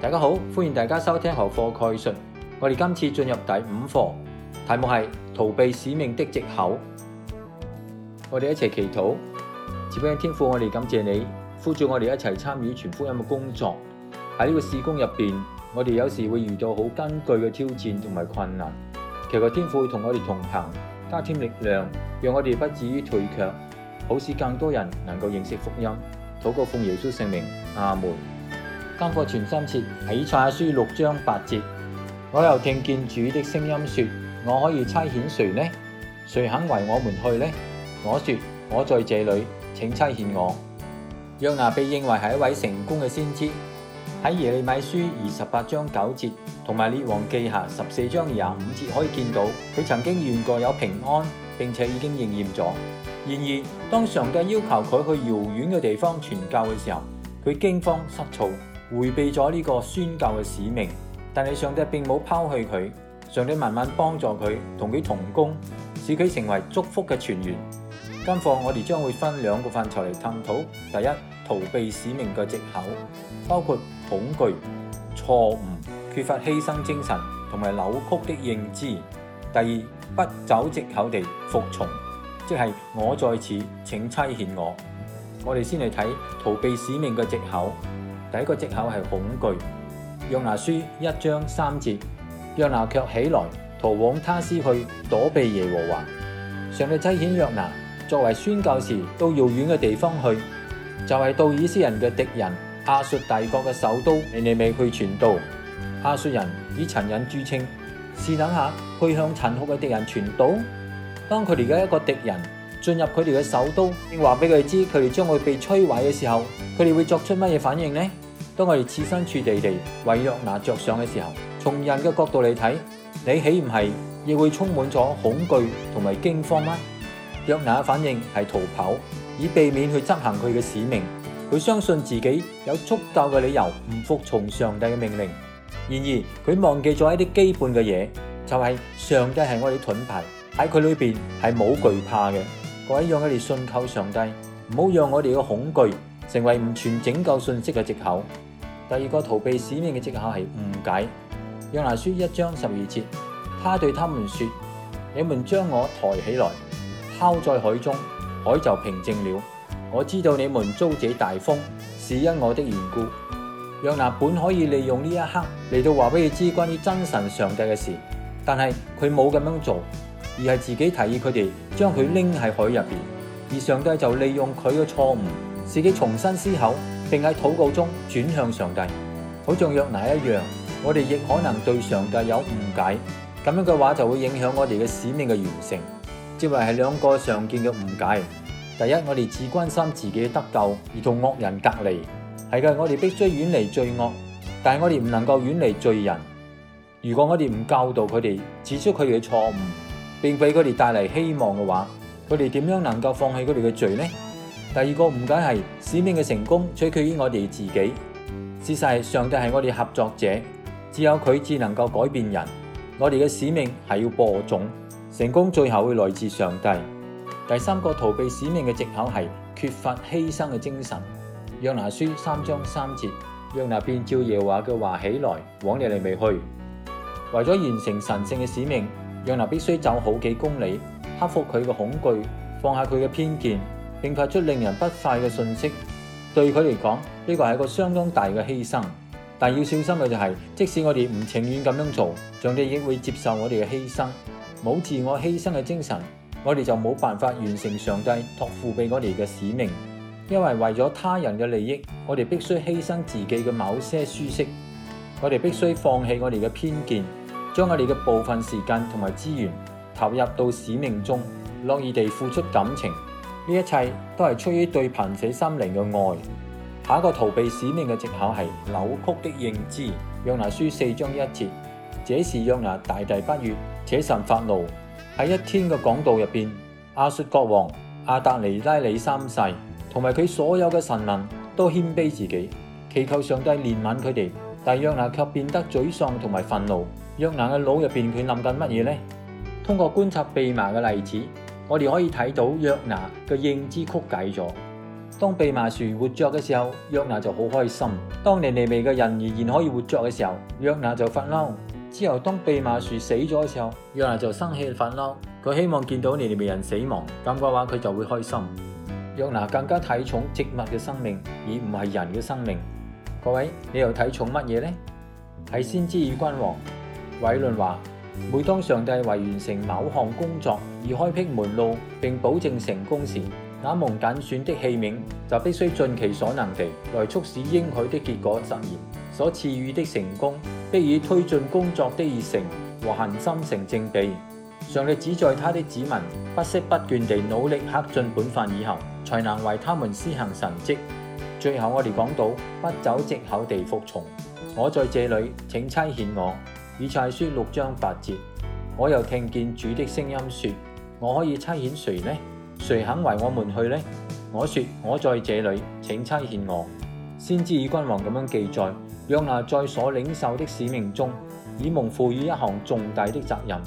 大家好，歡迎大家收聽學課概述。我哋今次進入第五課，題目係逃避使命的借口。我哋一齊祈禱。慈悲天父，我哋感謝你，呼召我哋一齊參與傳福音嘅工作。喺呢個事工入邊，我哋有時會遇到好艱巨嘅挑戰同埋困難。祈求天父同我哋同行，加添力量，讓我哋不至於退卻，好使更多人能夠認識福音。禱告奉耶穌聖名，阿門。今個存心節，以賽亞書六章八節，我又聽見主的聲音說：我可以差遣誰呢？誰肯為我們去呢？我說：我在這裏，請差遣我。約拿被認為係一位成功嘅先知，喺耶利米書二十八章九節同埋列王記下十四章廿五節可以見到，佢曾經預言過有平安，並且已經應驗咗。然而，當上帝要求佢去遙遠嘅地方傳教嘅時候，佢驚慌失措。回避咗呢個宣教嘅使命，但係上帝並冇拋棄佢。上帝慢慢幫助佢，同佢同工，使佢成為祝福嘅傳員。今課我哋將會分兩個範疇嚟探討：第一，逃避使命嘅借口，包括恐懼、錯誤、缺乏犧牲精神同埋扭曲的認知；第二，不找借口地服從，即係我在此，請差遣我。我哋先嚟睇逃避使命嘅借口。第一個借口係恐懼。約拿書一章三節，約拿卻起來逃往他斯去躲避耶和華。上帝差遣約拿作為宣教士到遙遠嘅地方去，就係、是、到以色列嘅敵人亞述帝國嘅首都尼尼微去傳道。亞述人以殘忍著稱，試等下去向殘酷嘅敵人傳道。當佢哋而家一個敵人。進入佢哋嘅首都，並話俾佢哋知佢哋將會被摧毀嘅時候，佢哋會作出乜嘢反應呢？當我哋切身處地地為約拿着想嘅時候，從人嘅角度嚟睇，你豈唔係亦會充滿咗恐懼同埋驚慌嗎？約拿反應係逃跑，以避免去執行佢嘅使命。佢相信自己有足夠嘅理由唔服從上帝嘅命令。然而佢忘記咗一啲基本嘅嘢，就係、是、上帝係我哋盾牌，喺佢裏邊係冇懼怕嘅。我一讓我哋信靠上帝，唔好讓我哋嘅恐懼成為唔全拯救信息嘅藉口。第二個逃避使命嘅藉口係誤解。約拿書一章十二節，他對他們說：你們將我抬起來，拋在海中，海就平靜了。我知道你們遭這大風是因我的緣故。約拿本可以利用呢一刻嚟到話俾佢知關於真神上帝嘅事，但係佢冇咁樣做。而係自己提議，佢哋將佢拎喺海入邊，而上帝就利用佢嘅錯誤，自己重新思考，並喺禱告中轉向上帝，好像約拿一樣。我哋亦可能對上帝有誤解，咁樣嘅話就會影響我哋嘅使命嘅完成。接嚟係兩個常見嘅誤解：第一，我哋只關心自己嘅得救而同惡人隔離，係嘅，我哋必須遠離罪惡，但係我哋唔能夠遠離罪人。如果我哋唔教導佢哋指出佢哋嘅錯誤。並俾佢哋帶嚟希望嘅話，佢哋點樣能夠放棄佢哋嘅罪呢？第二個誤解係使命嘅成功取決於我哋自己，事實係上帝係我哋合作者，只有佢至能夠改變人。我哋嘅使命係要播種，成功最後會來自上帝。第三個逃避使命嘅借口係缺乏犧牲嘅精神。約拿書三章三節，約拿便照耶和華嘅話起來，往尼尼微去，為咗完成神聖嘅使命。讓那必須走好幾公里，克服佢嘅恐懼，放下佢嘅偏見，並發出令人不快嘅信息，對佢嚟講呢個係個相當大嘅犧牲。但要小心嘅就係，即使我哋唔情願咁樣做，上帝亦會接受我哋嘅犧牲。冇自我犧牲嘅精神，我哋就冇辦法完成上帝託付俾我哋嘅使命。因為為咗他人嘅利益，我哋必須犧牲自己嘅某些舒適，我哋必須放棄我哋嘅偏見。將我哋嘅部分時間同埋資源投入到使命中，樂意地付出感情，呢一切都係出於對貧死心靈嘅愛。下一個逃避使命嘅借口係扭曲的認知。約拿書四章一節，這事約拿大大不悦，且神發怒。喺一天嘅講道入邊，亞述國王亞達尼拉里三世同埋佢所有嘅臣民都謙卑自己，祈求上帝憐憫佢哋，但約拿卻變得沮喪同埋憤怒。約拿嘅腦入邊，佢諗緊乜嘢呢？通過觀察蓖麻嘅例子，我哋可以睇到約拿嘅認知曲解咗。當秘麻樹蓖麻樹活着嘅時候，約拿就好開心；當尼尼微嘅人仍然可以活着嘅時候，約拿就發嬲。之後當蓖麻樹死咗嘅時候，約拿就生氣發嬲。佢希望見到尼尼微人死亡，咁嘅話佢就會開心。約拿更加睇重植物嘅生命，而唔係人嘅生命。各位，你又睇重乜嘢呢？喺先知與君王。偉論話：每當上帝為完成某項工作而開闢門路，並保證成功時，那蒙揀選的器皿就必須盡其所能地來促使應許的結果實現。所賜予的成功，必以推進工作的熱誠和恒心成正比。上帝只在祂的子民不息不倦地努力克盡本分以後，才能為他們施行神跡。最後，我哋講到不走借口地服從。我在這裏，請差遣我。以賽書六章八節，我又聽見主的聲音說：我可以差遣誰呢？誰肯為我們去呢？我說：我在這裡，請差遣我。先知以君王咁樣記載，約拿在所領受的使命中，以蒙賦予一項重大的責任。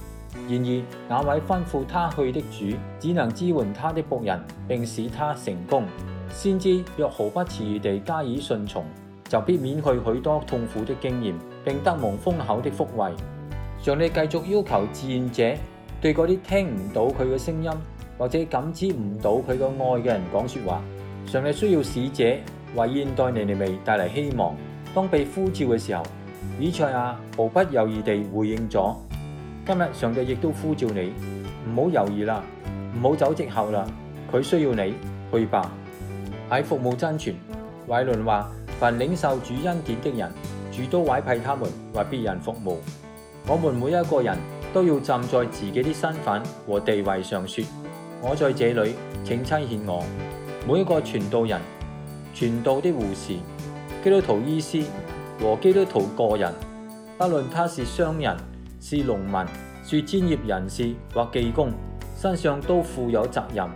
然而那位吩咐他去的主，只能支援他的僕人，並使他成功。先知若毫不遲疑地加以順從。就必免去許多痛苦的經驗，並得蒙豐厚的福惠。上帝繼續要求志願者對嗰啲聽唔到佢嘅聲音或者感知唔到佢嘅愛嘅人講說話。上帝需要使者為現代尼尼微帶嚟希望。當被呼召嘅時候，以賽亞毫不猶豫地回應咗。今日上帝亦都呼召你，唔好猶豫啦，唔好走借口啦，佢需要你去吧。喺服務真傳，懷倫話。凡領受主恩典的人，主都委派他們為別人服務。我們每一個人都要站在自己的身份和地位上說：我在這裡，請差遣我。每一個傳道人、傳道的護士、基督徒醫師和基督徒個人，不論他是商人、是農民、是專業人士或技工，身上都負有責任。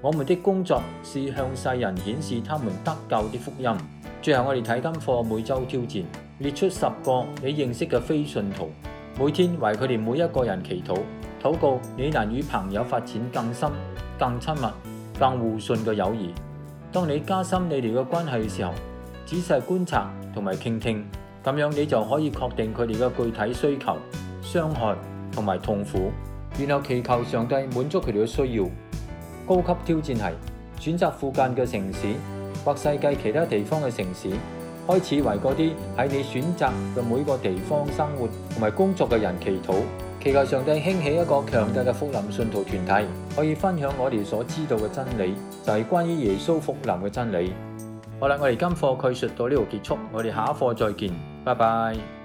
我們的工作是向世人顯示他們得救的福音。最後我哋睇今課每周挑戰，列出十個你認識嘅非信徒，每天為佢哋每一個人祈禱禱告，你能與朋友發展更深、更親密、更互信嘅友誼。當你加深你哋嘅關係嘅時候，仔細觀察同埋傾聽，咁樣你就可以確定佢哋嘅具體需求、傷害同埋痛苦，然後祈求上帝滿足佢哋嘅需要。高級挑戰係選擇附近嘅城市。世界其他地方嘅城市，開始為嗰啲喺你選擇嘅每個地方生活同埋工作嘅人祈禱，祈求上帝興起一個強大嘅復臨信徒團體，可以分享我哋所知道嘅真理，就係、是、關於耶穌復臨嘅真理。好啦，我哋今課敘述到呢度結束，我哋下一課再見，拜拜。